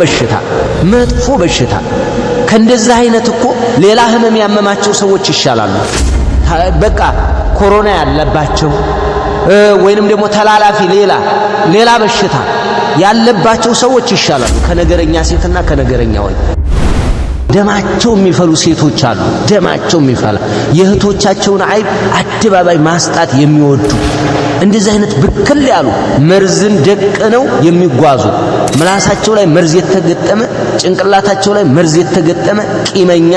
በሽታ መጥፎ በሽታ። ከእንደዚህ አይነት እኮ ሌላ ህመም ያመማቸው ሰዎች ይሻላሉ። በቃ ኮሮና ያለባቸው ወይንም ደግሞ ተላላፊ ሌላ ሌላ በሽታ ያለባቸው ሰዎች ይሻላሉ ከነገረኛ ሴትና ከነገረኛ ወይ ደማቸው የሚፈሉ ሴቶች አሉ። ደማቸው የሚፈላ የእህቶቻቸውን አይብ አደባባይ ማስጣት የሚወዱ እንደዚህ አይነት ብክል ያሉ መርዝን ደቅነው የሚጓዙ ምላሳቸው ላይ መርዝ የተገጠመ ጭንቅላታቸው ላይ መርዝ የተገጠመ ቂመኛ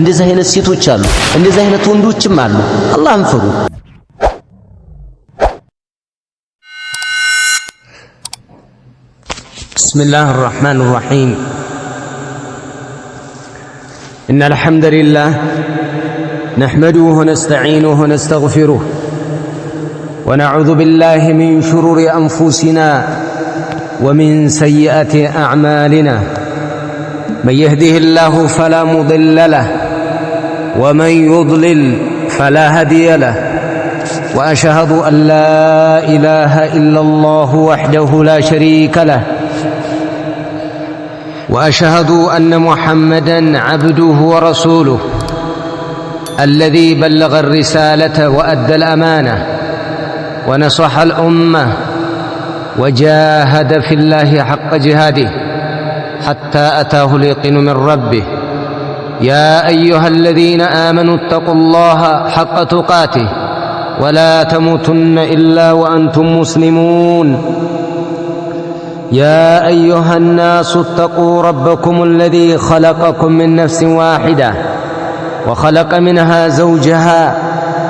እንደዚህ አይነት ሴቶች አሉ። እንደዚህ አይነት ወንዶችም አሉ። አላህን ፍሩ። ብስሚላህ አራህማን አራሂም ኢነ አልሐምዱሊላህ ነሕመዱሁ ወነስተዒኑሁ ወነስተግፊሩሁ ونعوذ بالله من شرور انفسنا ومن سيئات اعمالنا من يهده الله فلا مضل له ومن يضلل فلا هدي له واشهد ان لا اله الا الله وحده لا شريك له واشهد ان محمدا عبده ورسوله الذي بلغ الرساله وادى الامانه ونصح الأمة وجاهد في الله حق جهاده حتى أتاه اليقين من ربه يا أيها الذين آمنوا اتقوا الله حق تقاته ولا تموتن إلا وأنتم مسلمون يا أيها الناس اتقوا ربكم الذي خلقكم من نفس واحدة وخلق منها زوجها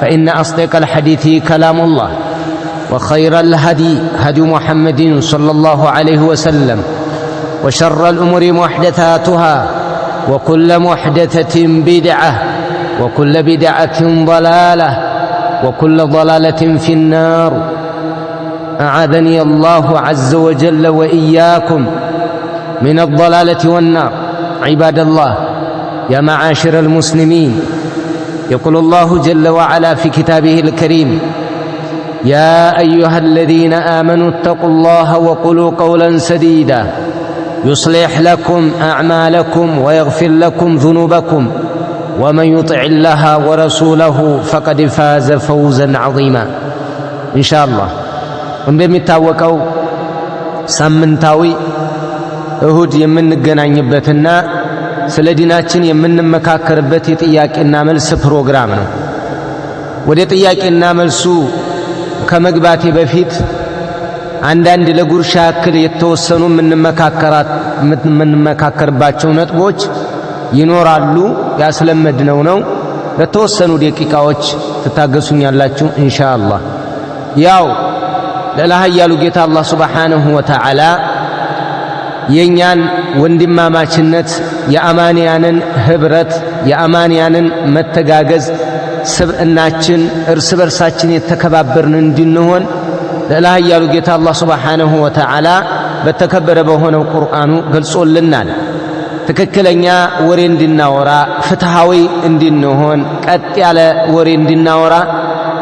فإن أصدق الحديث كلام الله وخير الهدي هدي محمد صلى الله عليه وسلم وشر الأمور محدثاتها وكل محدثة بدعة وكل بدعة ضلالة وكل ضلالة في النار أعاذني الله عز وجل وإياكم من الضلالة والنار عباد الله يا معاشر المسلمين يقول الله جل وعلا في كتابه الكريم يا ايها الذين امنوا اتقوا الله وقولوا قولا سديدا يصلح لكم اعمالكم ويغفر لكم ذنوبكم ومن يطع الله ورسوله فقد فاز فوزا عظيما ان شاء الله እንደሚታወቀው ሳምንታዊ እሁድ የምንገናኝበትና ስለ ዲናችን የምንመካከርበት የጥያቄና መልስ ፕሮግራም ነው። ወደ ጥያቄና መልሱ ከመግባቴ በፊት አንዳንድ ለጉርሻ ያክል የተወሰኑ የምንመካከርባቸው ነጥቦች ይኖራሉ። ያስለመድነው ነው። ለተወሰኑ ደቂቃዎች ትታገሱኛላችሁ ኢንሻአላህ። ያው ለላህ ያሉ ጌታ አላህ ሱብሓነሁ ወተዓላ የእኛን ወንድማማችነት የአማንያንን ኅብረት የአማንያንን መተጋገዝ ስብዕናችን እርስ በርሳችን የተከባበርን እንድንሆን ልዕላህ እያሉ ጌታ አላህ ስብሓንሁ ወተዓላ በተከበረ በሆነው ቁርአኑ ገልጾልናል። ትክክለኛ ወሬ እንድናወራ፣ ፍትሃዊ እንድንሆን፣ ቀጥ ያለ ወሬ እንድናወራ፣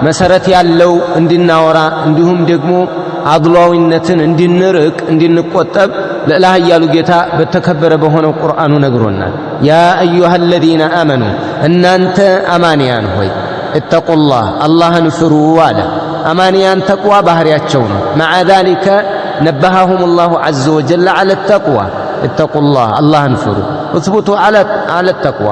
መሰረት ያለው እንድናወራ እንዲሁም ደግሞ አድሏዊነትን እንድንርቅ እንድንቆጠብ ልዕላ እያሉ ጌታ በተከበረ በሆነው ቁርአኑ ነግሮናል። ያ አዩሃ አለዚነ አመኑ እናንተ አማንያን ሆይ እተቁላህ አላህን ፍሩ አለ። አማንያን ተቅዋ ባህሪያቸው ነው። መዓ ዛሊከ ነበሃሁም ላሁ ዐዘ ወጀል ዐለ ተቅዋ እተቁላህ አላህን ፍሩ፣ እስቡቱ ዐለ ተቅዋ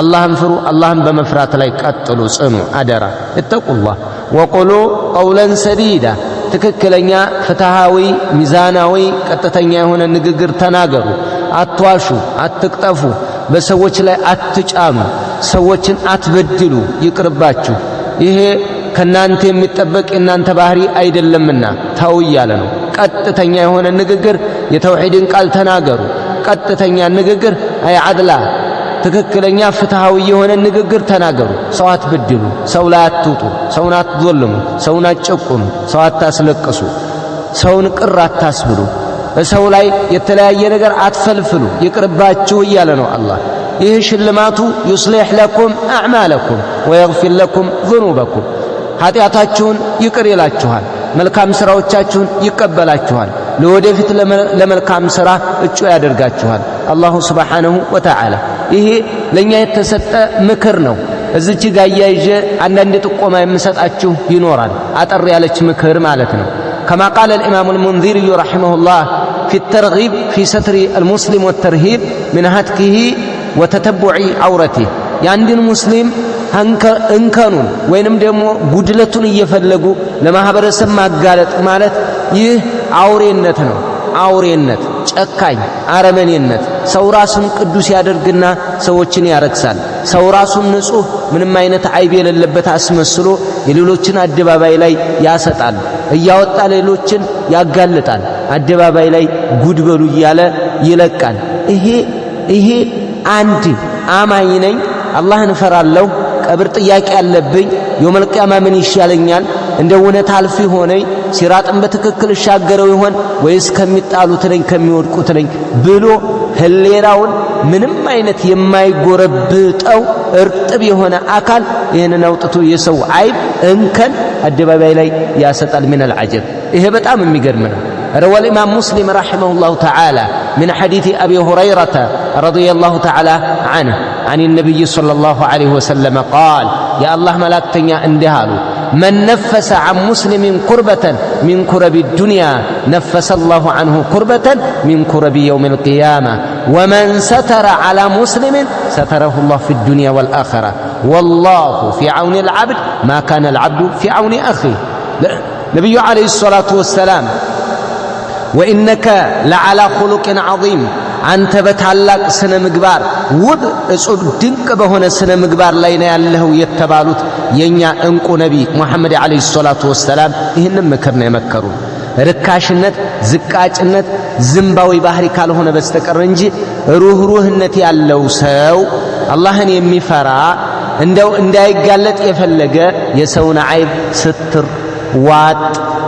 አላህን ፍሩ፣ አላህን በመፍራት ላይ ቀጥሉ፣ ጽኑ፣ አደራ እተቁላህ ወቁሉ ቀውለን ሰዲዳ ትክክለኛ ፍትሃዊ፣ ሚዛናዊ፣ ቀጥተኛ የሆነ ንግግር ተናገሩ። አትዋሹ፣ አትቅጠፉ፣ በሰዎች ላይ አትጫኑ፣ ሰዎችን አትበድሉ፣ ይቅርባችሁ። ይሄ ከናንተ የሚጠበቅ የእናንተ ባህሪ አይደለምና ታው እያለ ነው። ቀጥተኛ የሆነ ንግግር፣ የተውሒድን ቃል ተናገሩ። ቀጥተኛ ንግግር አይ አድላ ትክክለኛ ፍትሃዊ የሆነ ንግግር ተናገሩ። ሰው አትብድሉ፣ ሰው ላይ አትውጡ፣ ሰውን አትዞልሙ፣ ሰውን አትጨቁኑ፣ ሰው አታስለቅሱ፣ ሰውን ቅር አታስብሉ፣ ሰው ላይ የተለያየ ነገር አትፈልፍሉ፣ ይቅርባችሁ እያለ ነው አላህ። ይህ ሽልማቱ ዩስሊሕ ለኩም አዕማለኩም ወየግፊር ለኩም ዝኑበኩም ኃጢአታችሁን ይቅር ይላችኋል፣ መልካም ሥራዎቻችሁን ይቀበላችኋል። ለወደፊት ለመልካም ሥራ እጩ ያደርጋችኋል አላሁ ስብሓነሁ ወተዓላ። ይሄ ለእኛ የተሰጠ ምክር ነው። እዚች ጋ እያይዤ አንዳንድ ጥቆማ የምሰጣችሁ ይኖራል። አጠር ያለች ምክር ማለት ነው። ከማ ቃለ ልኢማሙ ልሙንዚርዩ ረሒመሁላህ ፊ ተርጊብ ፊ ሰትሪ አልሙስሊም ወተርሂብ ምን ሀትኪሂ ወተተቡዒ ዐውረቲህ የአንድን ሙስሊም እንከኑን ወይንም ደግሞ ጉድለቱን እየፈለጉ ለማህበረሰብ ማጋለጥ ማለት ይህ አውሬነት ነው። አውሬነት፣ ጨካኝ አረመኔነት። ሰው ራሱን ቅዱስ ያደርግና ሰዎችን ያረክሳል። ሰው ራሱን ንጹሕ፣ ምንም አይነት አይብ የሌለበት አስመስሎ የሌሎችን አደባባይ ላይ ያሰጣል። እያወጣ ሌሎችን ያጋልጣል። አደባባይ ላይ ጉድበሉ እያለ ይለቃል። ይሄ ይሄ አንድ አማኝ ነኝ አላህን እፈራለሁ ቀብር ጥያቄ አለብኝ፣ የውመልቅያማ ምን ይሻለኛል? እንደ እውነት አልፍ ሆነኝ ሲራጥን በትክክል እሻገረው ይሆን ወይስ ከሚጣሉት ነኝ ከሚወድቁት ነኝ ብሎ ህሌናውን ምንም አይነት የማይጎረብጠው እርጥብ የሆነ አካል ይህንን አውጥቶ የሰው አይብ እንከን አደባባይ ላይ ያሰጣል። ምን አልዓጀብ! ይሄ በጣም የሚገርም ነው። روى الإمام مسلم رحمه الله تعالى من حديث أبي هريرة رضي الله تعالى عنه عن النبي صلى الله عليه وسلم قال يا الله تنيا اندهالو من نفس عن مسلم كربة من كرب الدنيا نفس الله عنه كربة من كرب يوم القيامة ومن ستر على مسلم ستره الله في الدنيا والآخرة والله في عون العبد ما كان العبد في عون أخيه النبي عليه الصلاة والسلام ወኢነከ ለዓላ ኹሉቅን ዐዚም አንተ በታላቅ ስነ ምግባር ውብ እጹብ ድንቅ በሆነ ስነ ምግባር ላይ ነው ያለኸው የተባሉት የእኛ እንቁ ነቢ ሙሐመድ ዓለይሂ ሰላቱ ወሰላም ይህንም ምክር ነው የመከሩ። ርካሽነት፣ ዝቃጭነት፣ ዝምባዊ ባህሪ ካልሆነ በስተቀር እንጂ ሩህሩህነት ያለው ሰው አላህን የሚፈራ እንደው እንዳይጋለጥ የፈለገ የሰውን ዐይብ ስትር ዋጥ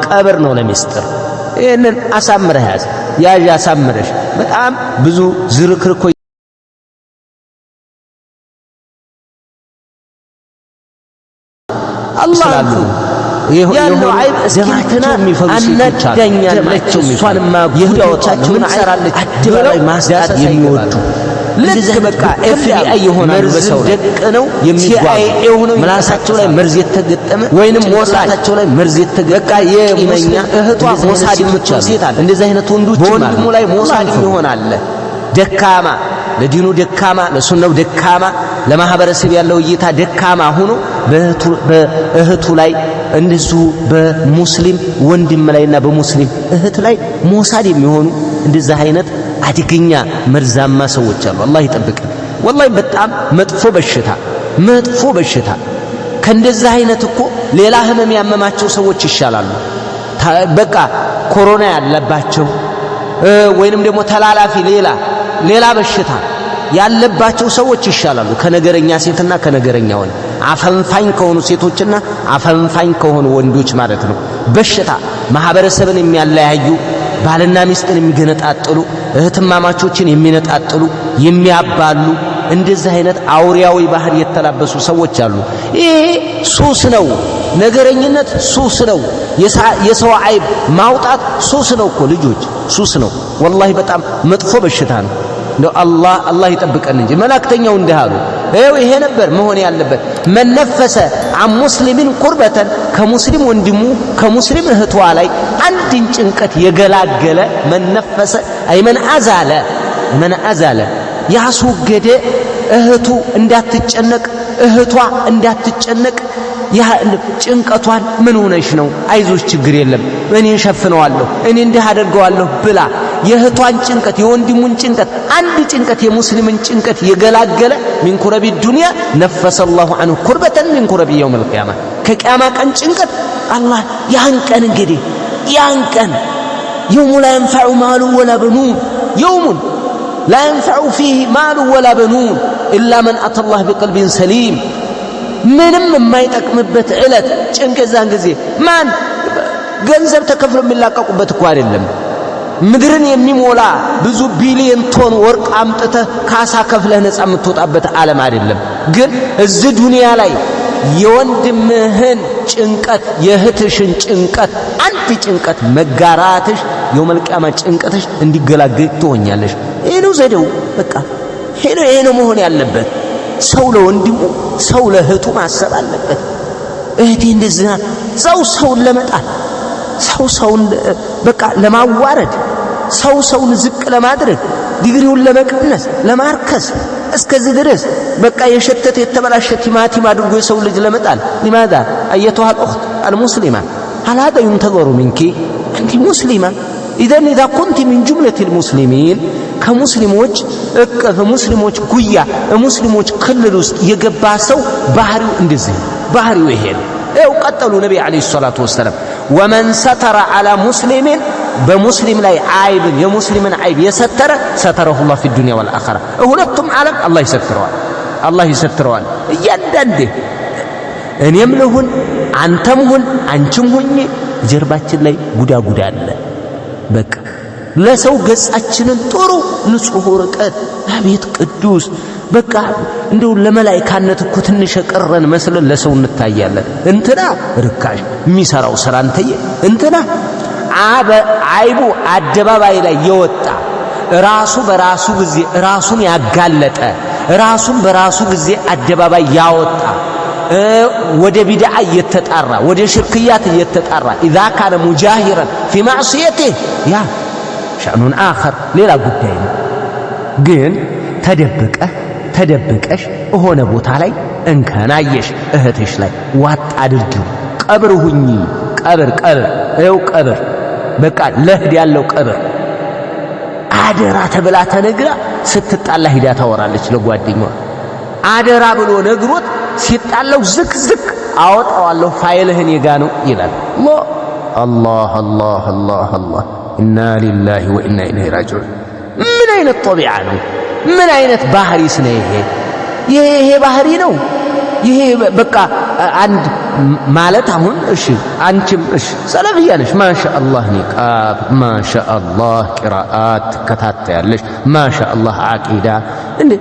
ቀብር ነው ለሚስጥር ይህንን አሳምረህ ያዝ። ያዥ አሳምረሽ። በጣም ብዙ ዝርክርኮ ስላሉ ያለው አይብ እስኪንትና አነደኛለች እሷንማ ጉድ ያወጣል። ምን ሰራለች ብለው ዳሳት የሚወዱ ልክ በቃ ኤፍቢአይ ይሆናሉ። በሰው ደቅ ነው የሚጓዙ ምላሳቸው ላይ መርዝ የተገጠመ ወይንም ሞሳቸው ላይ መርዝ የተገጠመ በቃ የሙስሊም እህቷ ሞሳድ የምትሆን ሴት አለ። እንደዚህ አይነት ወንዶች በወንድሙ ላይ ሞሳድ ይሆናል። ደካማ ለዲኑ ደካማ፣ ለሱነው ደካማ፣ ለማህበረሰብ ያለው እይታ ደካማ ሆኖ በእህቱ ላይ እንደዚሁ በሙስሊም ወንድም ላይና በሙስሊም እህት ላይ ሞሳድ የሚሆኑ እንደዚህ አይነት አደገኛ መርዛማ ሰዎች አሉ። አላህ ይጠብቀን። ወላሂ በጣም መጥፎ በሽታ መጥፎ በሽታ ከእንደዚህ አይነት እኮ ሌላ ህመም ያመማቸው ሰዎች ይሻላሉ። በቃ ኮሮና ያለባቸው ወይንም ደግሞ ተላላፊ ሌላ ሌላ በሽታ ያለባቸው ሰዎች ይሻላሉ ከነገረኛ ሴትና ከነገረኛ ወንድ፣ አፈንፋኝ ከሆኑ ሴቶችና አፈንፋኝ ከሆኑ ወንዶች ማለት ነው። በሽታ ማህበረሰብን የሚያለያዩ ባልና ሚስትን የሚገነጣጥሉ እህትማማቾችን የሚነጣጥሉ የሚያባሉ እንደዚህ አይነት አውሪያዊ ባህል የተላበሱ ሰዎች አሉ። ይሄ ሱስ ነው። ነገረኝነት ሱስ ነው። የሰው አይብ ማውጣት ሱስ ነው እኮ ልጆች፣ ሱስ ነው። ወላሂ በጣም መጥፎ በሽታ ነው። እንደው አላህ አላህ ይጠብቀን እንጂ መላእክተኛው እንዲህ አሉ። ይኸው ይሄ ነበር መሆን ያለበት። መነፈሰ አን ሙስሊሚን ቁርበተን ከሙስሊም ወንድሙ ከሙስሊም እህቷ ላይ አንድን ጭንቀት የገላገለ መነፈሰ አይመን አዛለ መን አዛለ ያስወገደ እህቱ እንዳትጨነቅ እህቷ እንዳትጨነቅ ጭንቀቷን ምን ሆነሽ ነው? አይዞሽ፣ ችግር የለም እኔ እሸፍነዋለሁ፣ እኔ እንዲህ አደርገዋለሁ ብላ የእህቷን ጭንቀት፣ የወንድሙን ጭንቀት፣ አንድ ጭንቀት፣ የሙስሊምን ጭንቀት የገላገለ ሚን ኩረቢ ዱንያ ነፈሰ ላሁ አንሁ ኩርበተን ሚን ኩረቢ የውም ልቅያማ ከቅያማ ቀን ጭንቀት አላህ ያን ቀን እንግዲህ ያን ቀን የውሙ ላ የንፈዑ ማሉ ወላ በኑን የውሙን ላ ፊህ ማሉ ወላ በኑን ኢላ መን አተላህ ቢቀልቢን ሰሊም ምንም የማይጠቅምበት ዕለት ጭንቅ የዛን ጊዜ ማን ገንዘብ ተከፍሎ የሚላቀቁበት እኮ አይደለም። ምድርን የሚሞላ ብዙ ቢሊዮን ቶን ወርቅ አምጥተህ ካሳ ከፍለህ ነፃ የምትወጣበት ዓለም አይደለም። ግን እዚህ ዱንያ ላይ የወንድምህን ጭንቀት የእህትሽን ጭንቀት ሰፊ ጭንቀት መጋራትሽ የመልቀማ ጭንቀትሽ እንዲገላገል ትሆኛለሽ። ይሄ ነው ዘዴው። በቃ ይሄ ነው ይሄ ነው መሆን ያለበት። ሰው ለወንድሙ ሰው ለእህቱ ማሰብ አለበት። እህቴ እንደዚህ ሰው ሰውን ለመጣል ሰው ሰውን በቃ ለማዋረድ ሰው ሰውን ዝቅ ለማድረግ ዲግሪውን ለመቀነስ ለማርከስ እስከዚህ ድረስ በቃ የሸተተ የተበላሸ ቲማቲም አድርጎ የሰው ልጅ ለመጣል ሊማዳ አየቷል ኦኽት አልሙስሊማ አላቀ ዩንተገሩ ሚንኪ አንቲ ሙስሊማን ኢዘን ኢዛ ኩንቲ ሚን ጁምለቲል ሙስሊሚን ከሙስሊሞች እቅፍ ሙስሊሞች ጉያ ሙስሊሞች ክልል ውስጥ የገባ ሰው ባህሪው እንደዚህ ባህሪው ይሄ ነው። ይኸው ቀጠሉ ነቢ ዓለይሂ ሰላቱ ወሰላም ወመን ሰተረ አላ ሙስሊሚን በሙስሊም ላይ አይብን የሙስሊምን አይብ የሰተረ ሰተረሁላህ ፊ ዱንያ ወልአኸራ ሁለቱም ዓለም አላህ ይሰትረዋል፣ አላህ ይሰትረዋል። እያንዳንዴ እኔም ልሁን አንተም ሁን አንቺም ሁኝ ጀርባችን ላይ ጉዳጉዳ አለ። በቃ ለሰው ገጻችንን ጥሩ ንጹህ ወርቀት አቤት ቅዱስ በቃ እንደው ለመላይካነት እኮ ትንሽ ቀረን መስለን ለሰው እንታያለን። እንትና ርካሽ የሚሰራው ስራ እንተየ እንትና አይቡ አደባባይ ላይ የወጣ ራሱ በራሱ ጊዜ ራሱን ያጋለጠ ራሱን በራሱ ጊዜ አደባባይ ያወጣ ወደ ቢድዓ እየተጣራ ወደ ሽርክያት እየተጣራ ኢዛ ካነ ሙጃሂረን ፊ ማዕስየቲህ ያ ሸእኑን አኸር ሌላ ጉዳይ ነው። ግን ተደብቀ ተደብቀሽ እሆነ ቦታ ላይ እንከናየሽ እህትሽ ላይ ዋጥ አድርጊው። ቀብር ሁኚ ቀብር ቀብር እው ቀብር በቃ ለህድ ያለው ቀብር አደራ ተብላ ተነግራ ስትጣላ ሂዳ ታወራለች ለጓደኛዋ አደራ ብሎ ነግሮት ሲጣለው ዝክ ዝክ አወጣዋለሁ ፋይልህን የጋ ነው ይላል። አላህ አላህ አላህ አላህ ኢና ሊላሂ ወኢና ኢለይሂ ራጂዑን። ምን አይነት ጠቢዓ ነው? ምን አይነት ባህሪስ ስነ ይሄ? ይሄ ይሄ ባህሪ ነው ይሄ በቃ አንድ ማለት አሁን እሺ፣ አንቺም እሺ፣ ሰለፍያ ነሽ ማሻአላህ፣ ኒቃብ ማሻአላህ፣ ቂራአት ትከታተያለሽ ማሻአላህ፣ አቂዳ እንዴ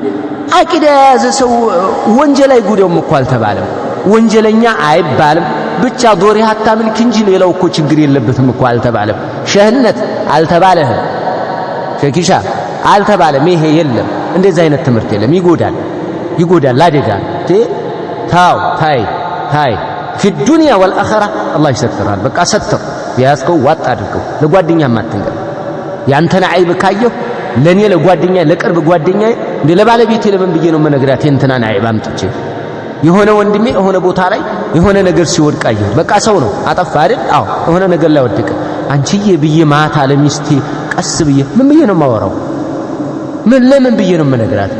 አቂዳ የያዘ ሰው ወንጀል አይጉደውም እኮ አልተባለም። ወንጀለኛ አይባልም። ብቻ ዶሪ ሀታ ምልክ እንጂ ሌላው እኮ ችግር የለበትም እኮ አልተባለም። ሸህነት አልተባለህም። ሸኪሻ አልተባለም። ይሄ የለም፣ እንደዚህ አይነት ትምህርት የለም። ይጎዳል፣ ይጎዳል፣ ላደጋ ታው ታይ ታይ ፊ ዱንያ ወልአኸራ አላህ ይሰትራል። በቃ ሰትር የያዝከው ዋጥ አድርገው። ለጓደኛ አትንገር። ያንተን አይብ ካየሁ ለእኔ ለጓደኛ ለቅርብ ጓደኛ እንዴ ለባለቤቴ ለምን ብዬ ነው መነግራት? የእንትናን አይብ አምጥቼ የሆነ ወንድሜ የሆነ ቦታ ላይ የሆነ ነገር ሲወድቅ አየሁ። በቃ ሰው ነው አጠፋ አይደል? አዎ የሆነ ነገር ላይ ወደቀ። አንቺዬ ብዬ ማታ ለሚስቴ ቀስ ብዬ ምን ብዬ ነው የማወራው? ምን ለምን ብዬ ነው መነግራት?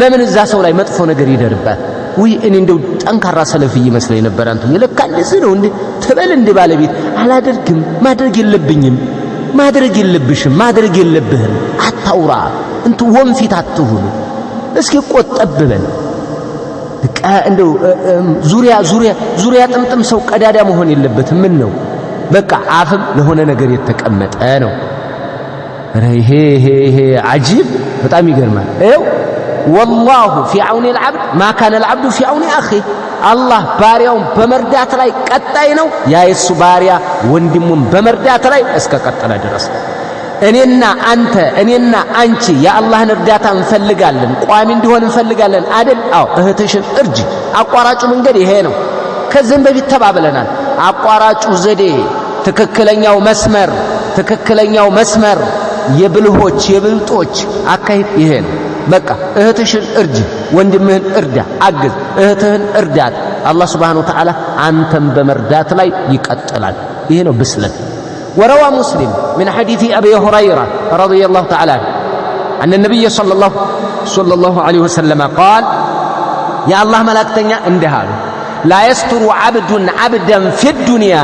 ለምን እዛ ሰው ላይ መጥፎ ነገር ይደርባት? ውይ እኔ እንደው ጠንካራ ሰለፍ መስለኝ ነበር። አንተ ለካ እንደዚህ ነው እንዴ ትበል እንደ ባለቤት አላደርግም። ማድረግ የለብኝም ማድረግ የለብሽም ማድረግ የለብህም አታውራ እንቱ ወንፊት አትሁኑ። እስኪ ቆጠብ በል እንደው ዙሪያ ዙሪያ ዙሪያ ጥምጥም ሰው ቀዳዳ መሆን የለበትም። ምን ነው በቃ አፍም ለሆነ ነገር የተቀመጠ ነው። ኧረ ይሄ ይሄ ይሄ አጂብ በጣም ይገርማል። ይኸው ወላሁ ፊ አውኒ ልዓብድ ማካነ ልዓብዱ ፊ አውኒ አኺ አላህ ባሪያውን በመርዳት ላይ ቀጣይ ነው። ያ የሱ ባሪያ ወንድሙን በመርዳት ላይ እስከ ቀጠለ ድረስ እኔና አንተ እኔና አንቺ የአላህን እርዳታ እንፈልጋለን፣ ቋሚ እንዲሆን እንፈልጋለን አደል? አዎ። እህትሽን እርጅ። አቋራጩ መንገድ ይሄ ነው። ከዚህም በፊት ተባብለናል። አቋራጩ ዘዴ፣ ትክክለኛው መስመር፣ ትክክለኛው መስመር የብልሆች የብልጦች አካሄድ ይሄ ነው። በቃ እህትሽን እርጅ፣ ወንድምህን እርዳ፣ አግዝ፣ እህትህን እርዳት። አላህ ሱብሓነሁ ወተዓላ አንተን በመርዳት ላይ ይቀጥላል። ይሄ ነው ብስለት። وروى مسلم من حديث أبي هريرة رضي الله تعالى عنه أن النبي صلى الله صلى الله عليه وسلم قال يا الله ملكتنا اندهال لا يستر عبد عبدا في الدنيا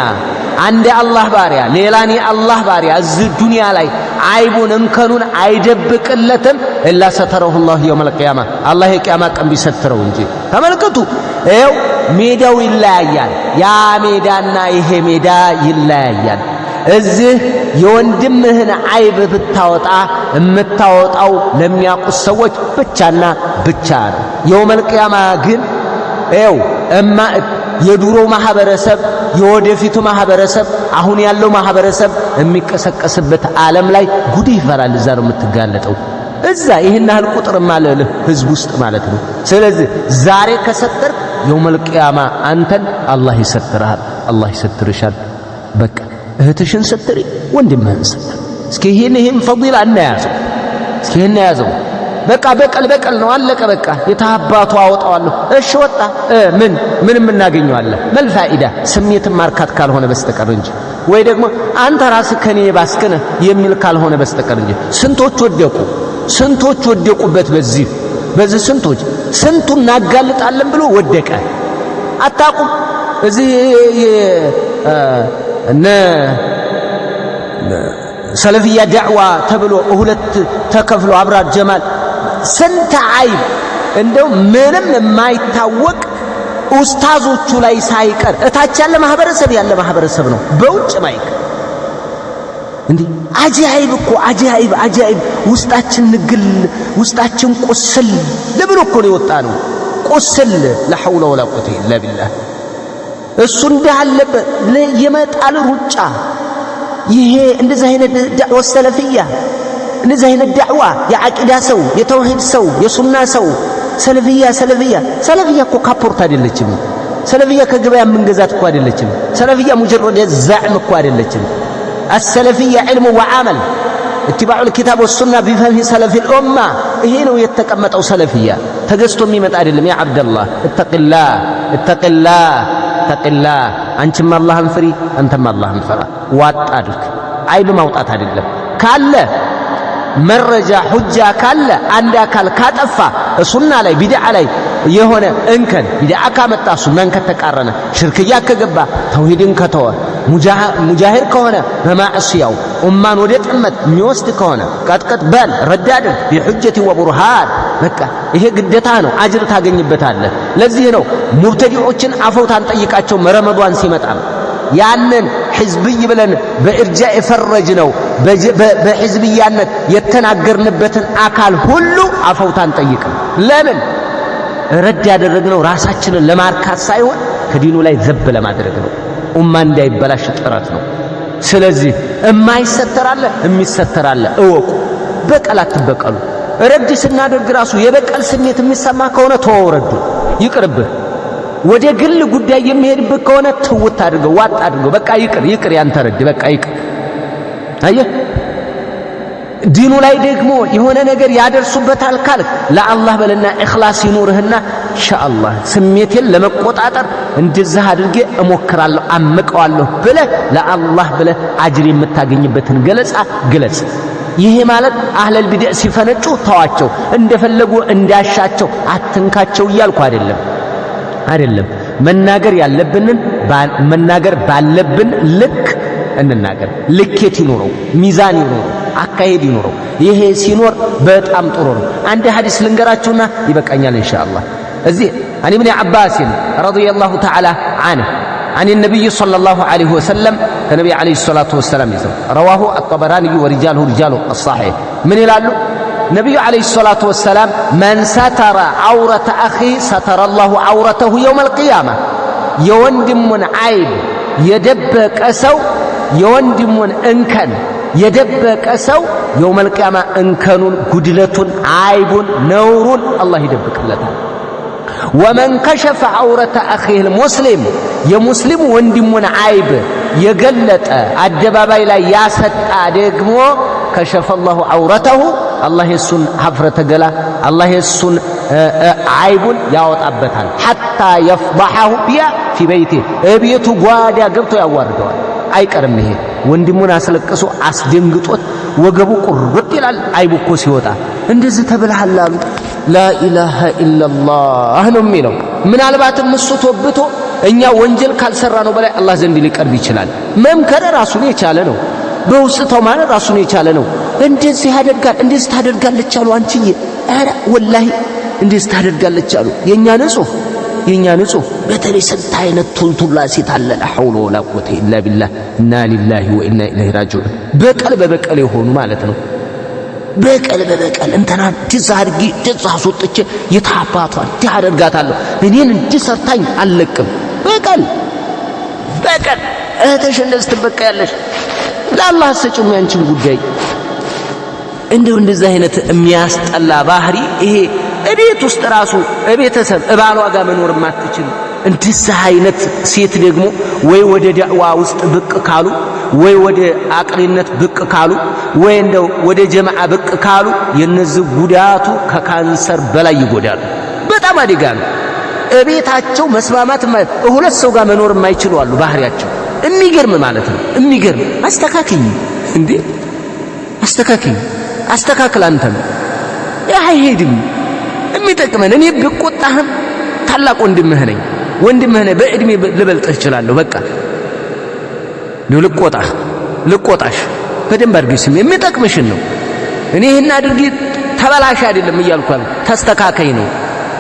عند الله باريا ليلاني الله باريا الدنيا لاي عيبون انكنون عيدبك اللتم إلا ستره الله يوم القيامة الله يقيامة كم بيستره እንጂ ተመልከቱ ይኸው ሜዳው ይለያያል ያ ሜዳና ይሄ ሜዳ ይለያያል እዚህ የወንድምህን አይብ ብታወጣ የምታወጣው ለሚያውቁት ሰዎች ብቻና ብቻ ነው። የውመል ቂያማ ግን ኤው እማ የዱሮ ማህበረሰብ የወደፊቱ ማህበረሰብ አሁን ያለው ማህበረሰብ የሚቀሰቀስበት ዓለም ላይ ጉድ ይፈራል። እዛ ነው የምትጋለጠው። እዛ ይህን ያህል ቁጥር ማለልህ ህዝብ ውስጥ ማለት ነው። ስለዚህ ዛሬ ከሰጠርክ የውመል ቂያማ አንተን አላህ ይሰትርሃል፣ አላህ ይሰትርሻል። በቃ እህትሽን ስትሪ ወንድምህን ስትሪ። እስኪ ይህን ይህን ፈዲላ እናያዘው፣ እስኪ ይህን እናያዘው። በቃ በቀል በቀል ነው አለቀ። በቃ የታባቱ አወጣዋለሁ። እሺ ወጣ ምን ምንም እናገኘዋለን? መልፋኢዳ ስሜትን ማርካት ካልሆነ በስተቀር እንጂ ወይ ደግሞ አንተ ራስህ ከኔ ባስከነ የሚል ካልሆነ በስተቀር እንጂ ስንቶች ወደቁ፣ ስንቶች ወደቁበት። በዚህ በዚህ ስንቶች ስንቱ እናጋልጣለን ብሎ ወደቀ። አታቁም እዚህ እነ ሰለፍያ ዳዕዋ ተብሎ ሁለት ተከፍሎ አብራር ጀማል ስንት አይብ እንደው ምንም የማይታወቅ ኡስታዞቹ ላይ ሳይቀር እታች ያለ ማህበረሰብ ያለ ማህበረሰብ ነው። በውጭ ማይክ እንዲ አጃይብ እኮ አጃይብ አጃይብ ውስጣችን ንግል ውስጣችን ቁስል ለብሎ እኮ ነው የወጣ ነው ቁስል። ላ ሐውለ ወላ ቁወተ ኢላ ቢላህ እሱ እንዳለበት የመጣል ሩጫ ይሄ እንደዚህ አይነት ዳዕዋ ሰለፍያ እንደዚህ አይነት ዳዕዋ የዓቂዳ ሰው የተውሂድ ሰው የሱና ሰው ሰለፍያ ሰለፍያ ሰለፍያ እኮ ካፖርት አይደለችም። ሰለፍያ ከገበያ የምንገዛት እኮ አይደለችም። ሰለፍያ ሙጀረድ ዛዕም እኮ አይደለችም። አሰለፍያ ዕልሙ ወዓመል እትባዑል ኪታብ ወሱና ቢፈህሚ ሰለፊል ኡማ ይሄ ነው የተቀመጠው። ሰለፍያ ተገዝቶ የሚመጣ አይደለም። ያ ዓብደላህ እተቅላ እተቅላ ተቅላ አንቺም አላህን ፍሪ፣ አንተም አላህን ፍራ። ዋጥ አድርግ። አይብ ማውጣት አይደለም። ካለ መረጃ ሁጃ ካለ አንድ አካል ካጠፋ ሱና ላይ ቢድዓ ላይ የሆነ እንከን ቢድዓ ካመጣ ሱናን ከተቃረነ ሽርክያ ከገባ ተውሂድን ከተወ ሙጃሂድ ከሆነ በማዕስያው ኡማን ወደ ጥመት የሚወስድ ከሆነ ቀጥቀጥ በል ረዳድን ቢሑጀቲ ወቡርሃን በቃ ይሄ ግዴታ ነው። አጅር ታገኝበታለህ። ለዚህ ነው ሙብተዲዖችን አፈውታን ጠይቃቸው መረመዷን ሲመጣ ያንን ሕዝብይ ብለን በእርጃ የፈረጅ ነው። በሕዝብያነት የተናገርንበትን አካል ሁሉ አፈውታን ጠይቅ። ለምን ረድ ያደረግነው ራሳችንን ለማርካት ሳይሆን ከዲኑ ላይ ዘብ ለማድረግ ነው። ኡማ እንዳይበላሽ ጥረት ነው። ስለዚህ እማይሰተራለ የሚሰተራለ እወቁ። በቀል አትበቀሉ። ረድ ስናደርግ ራሱ የበቀል ስሜት የሚሰማ ከሆነ ተወው፣ ረዱ ይቅርብህ። ወደ ግል ጉዳይ የሚሄድብህ ከሆነ ትውት አድርገው፣ ዋጥ አድርገው። በቃ ይቅር ይቅር፣ ያንተ ረድ በቃ ይቅር። አየህ ዲኑ ላይ ደግሞ የሆነ ነገር ያደርሱበታል ካልክ ለአላህ በለና እኽላስ ይኑርህና ኢንሻአላህ ስሜቴን ለመቆጣጠር እንደዚህ አድርጌ እሞክራለሁ አመቀዋለሁ ብለህ ለአላህ ብለህ አጅር የምታገኝበትን ገለጻ ግለጽ። ይሄ ማለት አህለል ቢድዕ ሲፈነጩ ተዋቸው፣ እንደፈለጉ እንዳሻቸው አትንካቸው እያልኩ አይደለም አይደለም። መናገር ያለብንን መናገር ባለብን ልክ እንናገር። ልኬት ይኑረው፣ ሚዛን ይኑረው። አካሄድ ይኖረው ይሄ ሲኖር በጣም ጥሩ ነው። አንድ ሐዲስ ልንገራችሁና ይበቃኛል ኢንሻአላህ። እዚህ አን ኢብኒ ዓባስን ረዲየላሁ ተዓላ አን አን ነቢይ ሰለላሁ ዐለይሂ ወሰለም ከነቢ ዐለይሂ ሰላቱ ወሰላም ይዘው ረዋሁ አጠበራንዩ ወሪጃልሁ ሪጃሉ አሳሒሕ ምን ይላሉ? ነቢዩ ዐለይሂ ሰላቱ ወሰላም መን ሰተረ ዐውረተ አኺ ሰተረ ላሁ ዐውረተሁ የውመል ቂያማ የወንድሙን ዓይብ የደበቀ ሰው የወንድሙን እንከን የደበቀ ሰው የውመል ቂያማ እንከኑን፣ ጉድለቱን፣ አይቡን፣ ነውሩን አላህ ይደብቅለታል። ወመን ከሸፈ ዐውረተ አኺሂል ሙስሊም የሙስሊም ወንድሙን አይብ የገለጠ አደባባይ ላይ ያሰጣ ደግሞ ከሸፈላሁ አውረተሁ ዐውረተሁ አላህ የሱን ሀፍረተ ገላ አላህ የሱን አይቡን ያወጣበታል። ሐታ የፍዳሐሁ ቢያ ፊ በይቴ እቤቱ ጓዳ ገብቶ ያዋርደዋል። አይቀርም። ይሄ ወንድሙን አስለቅሶ አስደንግጦት ወገቡ ቁርጥ ይላል። አይቡ ሲወጣ እንደዚህ ተብልሃል አሉ። ላኢላሃ ኢለላህ ነው የሚለው። ምናልባትም እሱ ተወብቶ እኛ ወንጀል ካልሰራ ነው በላይ አላህ ዘንድ ሊቀርብ ይችላል። መምከር ራሱን የቻለ ነው። በውስጥተው ማለት ራሱን የቻለ ነው። እንደዚህ ያደርጋል፣ እንደዚህ ታደርጋለች አሉ። አንቺዬ ኧረ ወላሂ እንደዚህ ታደርጋለች አሉ። የእኛ ንጹህ የኛ ንጹህ በተለይ ስንት አይነት ቱልቱላ ሴት አለ። ላሐውለ ወላ ቁወተ ኢላ ቢላህ እና ሊላሂ ወኢና ኢለይሂ ራጂዑን። በቀል በበቀል የሆኑ ማለት ነው። በቀል በበቀል እንትናን ድዛ አድርጊ ድዛ አስወጥቼ የታባቷል እንዲህ አደርጋታለሁ እኔን እንዲህ ሰርታኝ አልለቅም። በቀል በቀል እህተሽ እንደዚህ ትበቀያለሽ። ለአላህ ሰጭም ያንችን ጉዳይ እንደው እንደዚህ አይነት የሚያስጠላ ባህሪ ይሄ እቤት ውስጥ ራሱ ቤተሰብ እባሏ ጋር መኖር ማትችል እንድስህ አይነት ሴት ደግሞ ወይ ወደ ዳዕዋ ውስጥ ብቅ ካሉ ወይ ወደ አቅሪነት ብቅ ካሉ ወይ እንደው ወደ ጀማዓ ብቅ ካሉ የነዚህ ጉዳቱ ከካንሰር በላይ ይጎዳሉ። በጣም አደጋ ነው። እቤታቸው መስማማት ሁለት ሰው ጋር መኖር የማይችሉ አሉ። ባህሪያቸው የሚገርም ማለት ነው። የሚገርም አስተካክኝ፣ እንዴ አስተካክኝ፣ አስተካክል አንተም አይሄድም። የሚጠቅመን እኔ ብቆጣህም ታላቅ ወንድምህ ነኝ፣ ወንድምህ ነኝ በእድሜ ልበልጥህ እችላለሁ። በቃ ነው ልቆጣህ ልቆጣሽ በደንብ አድርጊ ስም የሚጠቅምሽን ነው። እኔ ይህን አድርጊ ተበላሽ አይደለም እያልኳል። ተስተካከይ ነው።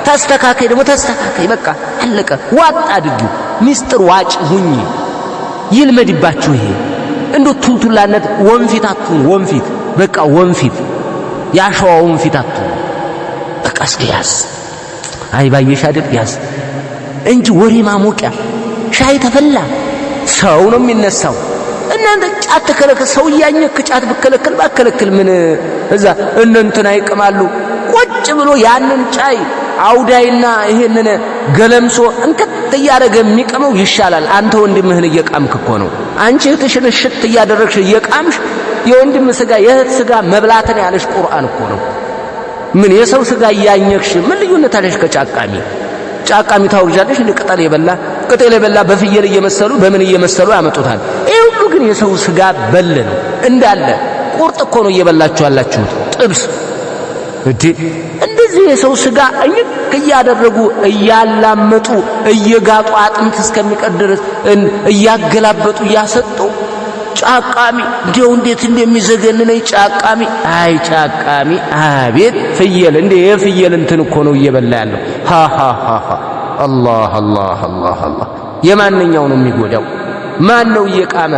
ተስተካከይ ደግሞ ተስተካከይ በቃ አለቀ። ዋጥ አድርጊ ሚስጥር ዋጭ ሁኚ። ይልመድባችሁ ይሄ እንዶ ቱልቱላነት ወንፊት አትሁን። ወንፊት በቃ ወንፊት ያሸዋ ወንፊት አትሁን። በቃ እስኪ ያዝ፣ አይ ባየሽ አይደል ያዝ እንጂ ወሬ ማሞቂያ ሻይ ተፈላ ሰው ነው የሚነሳው። እናንተ ጫት ተከለከል ሰው እያኘክ ጫት ብከለከል ባከለከል ምን እዛ እነ ይቅማሉ። ቁጭ ብሎ ያንን ጫይ አውዳይና ይሄንን ገለምሶ እንከት እያደረገ የሚቀመው ይሻላል። አንተ ወንድምህን እየቃምክ እኮ ነው። አንቺ እህትሽን ሽት እያደረግሽ እየቃምሽ የወንድም ስጋ የእህት ስጋ መብላትን ያለሽ ቁርአን እኮ ነው። ምን የሰው ስጋ እያኘክሽ ምን ልዩነት አለሽ ከጫቃሚ? ጫቃሚ ታውርጃለሽ እንደ ቅጠል የበላ ቅጠል የበላ በፍየል እየመሰሉ በምን እየመሰሉ ያመጡታል። ይህ ሁሉ ግን የሰው ስጋ በል ነው እንዳለ ቁርጥ እኮ ነው እየበላችሁ ያላችሁት ጥብስ እዲ እንደዚህ የሰው ስጋ እኝክ እያደረጉ እያላመጡ እየጋጡ አጥንት እስከሚቀድርስ እያገላበጡ እያሰጡ ጫቃሚ እንዲያው እንዴት እንደሚዘገንነኝ ጫቃሚ፣ አይ ጫቃሚ፣ አቤት ፍየል እንዴ! የፍየል እንትን እኮ ነው እየበላ ያለው። ሃሃሃ አላህ አላህ አላህ አላህ። የማንኛው ነው የሚጎዳው? ማን ነው እየቃመ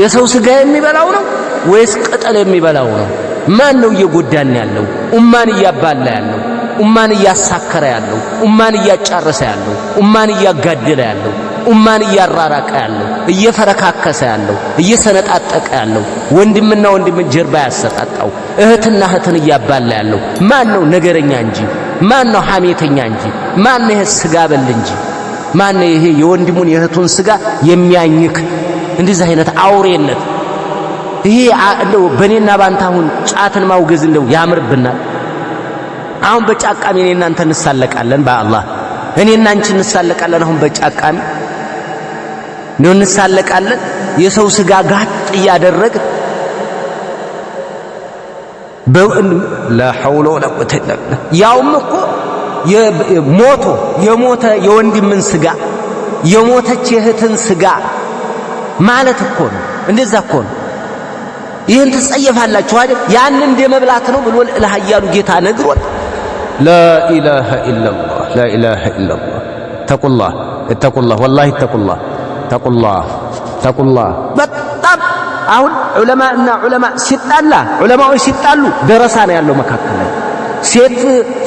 የሰው ስጋ የሚበላው ነው ወይስ ቅጠል የሚበላው ነው? ማን ነው እየጎዳን ያለው? ኡማን እያባላ ያለው? ኡማን እያሳከረ ያለው? ኡማን እያጫረሰ ያለው? ኡማን እያጋደለ ያለው? ኡማን እያራራቀ ያለው እየፈረካከሰ ያለው እየሰነጣጠቀ ያለው ወንድምና ወንድምን ጀርባ ያሰጣጣው እህትና እህትን እያባላ ያለው ማን ነው? ነገረኛ እንጂ ማን ነው? ሐሜተኛ እንጂ ማን ነው? ይሄ ስጋ በል እንጂ ማን ነው? ይሄ የወንድሙን የእህቱን ስጋ የሚያኝክ እንደዚህ አይነት አውሬነት ይሄ እንደው በእኔና ባንተ አሁን ጫትን ማውገዝ እንደው ያምርብናል። አሁን በጫቃሚ እኔ እናንተ እንሳለቃለን። በአላህ እኔ እና እንሳለቃለን አሁን በጫቃሚ ነው እንሳለቃለን። የሰው ስጋ ጋጥ በእን ላ እያደረግ ለሐውሎ ለቁተ ያውም እኮ ሞቶ የሞተ የወንድምን ስጋ የሞተች የእህትን ስጋ ማለት እኮ ነው። እንደዛ እኮ ነው። ይህን ትጸየፋላችሁ አይደል? ያን እንደ መብላት ነው ብሎ ለሀያሉ ጌታ ነግሮት ላኢላሃ ኢለላህ ላኢላሃ ኢለላህ ተቁላ ተቁላ ወላሂ ተቁላ ተቁላ ተቁላ በጣም አሁን ዑለማ እና ዑለማ ሲጣላ ዑለማዎች ሲጣሉ ደረሳ ነው ያለው መካከል ሴት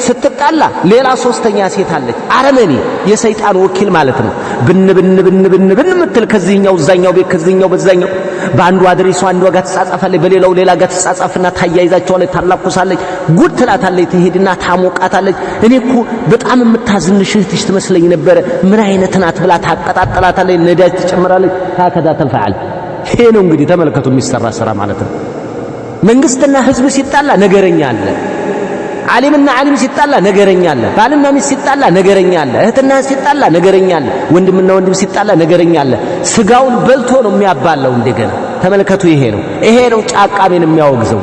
ስትጣላ ሌላ ሶስተኛ ሴት አለች። አረመኔ የሰይጣን ወኪል ማለት ነው። ብን ብን ብን ብን ብን ምትል ከዚህኛው እዛኛው ቤት ከዚህኛው በዛኛው በአንዱ አድሬሱ አንዱ ጋር ትጻጻፋለች፣ በሌላው ሌላ ጋር ትጻጻፍና ታያይዛቸዋለች፣ ታላኩሳለች፣ ጉድ ትላታለች፣ ትሄድና ታሞቃታለች። እኔ እኮ በጣም የምታዝንሽ እህትሽ ትመስለኝ ነበረ፣ ምን አይነት ናት ብላ ታቀጣጥላታለች፣ ነዳጅ ትጨምራለች። ታከዳ ተንፈዓል። ይሄ ነው እንግዲህ ተመልከቱ፣ የሚሰራ ስራ ማለት ነው። መንግስትና ህዝብ ሲጣላ ነገረኛ አለ። ዓሊምና ዓሊም ሲጣላ ነገረኛ አለ። ባልና ሚስት ሲጣላ ነገረኛ አለ። እህትና ሲጣላ ነገረኛ አለ። ወንድምና ወንድም ሲጣላ ነገረኛ አለ። ስጋውን በልቶ ነው የሚያባለው። እንደገና ተመልከቱ። ይሄ ነው ይሄ ነው ጫቃሜን የሚያወግዘው።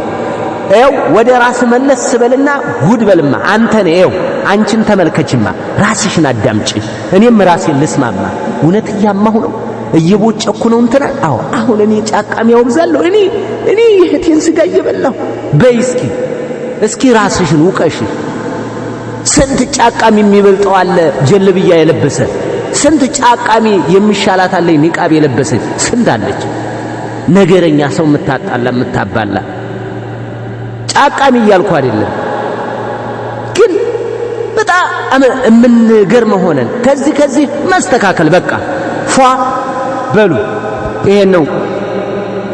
ይኸው ወደ ራስ መለስ ስበልና ጉድ በልማ አንተን ይኸው አንቺን ተመልከችማ፣ ራስሽን አዳምጪ። እኔም ራሴን ልስማማ። እውነት እያማሁ ነው እየቦጨኩ ነው እንትና። አዎ አሁን እኔ ጫቃሜ ያወግዛለሁ። እኔ እኔ እህቴን ስጋ እየበላሁ በይ እስኪ እስኪ ራስሽን ውቀሽ። ስንት ጫቃሚ የሚበልጠው አለ ጀለብያ የለበሰ፣ ስንት ጫቃሚ የሚሻላት አለ ኒቃብ የለበሰች። ስንት አለች ነገረኛ ሰው ምታጣላ ምታባላ ጫቃሚ እያልኩ አይደለም ግን በጣም የምንገርመ ሆነን ከዚህ ከዚህ መስተካከል በቃ ፏ በሉ። ይሄን ነው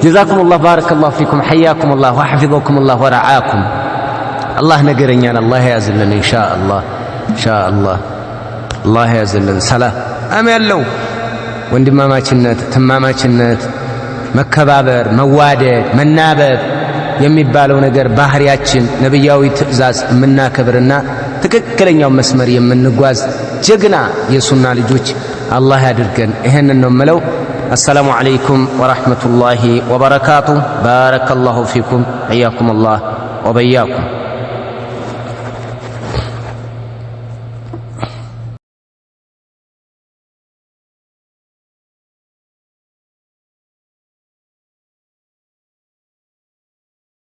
ጀዛኩም ላህ ባረከ ላሁ ፊኩም ሐያኩም ላህ ወሐፊዘኩም ላህ ወረዓኩም አላህ ነገረኛን አላህ የያዝልን። ኢንሻአላህ ኢንሻአላህ አላህ የያዝልን። ሰላ ያለው ወንድማማችነት፣ ትማማችነት፣ መከባበር፣ መዋደድ፣ መናበብ የሚባለው ነገር ባህሪያችን፣ ነብያዊ ትዕዛዝ የምናከብርና ትክክለኛው መስመር የምንጓዝ ጀግና የሱና ልጆች አላህ ያድርገን። ይህን ነው የምለው። አሰላሙ ዓለይኩም ወረሕመቱላሂ ወበረካቱ። ባረከ ላሁ ፊኩም ሕያኩም አላህ ወበያኩም።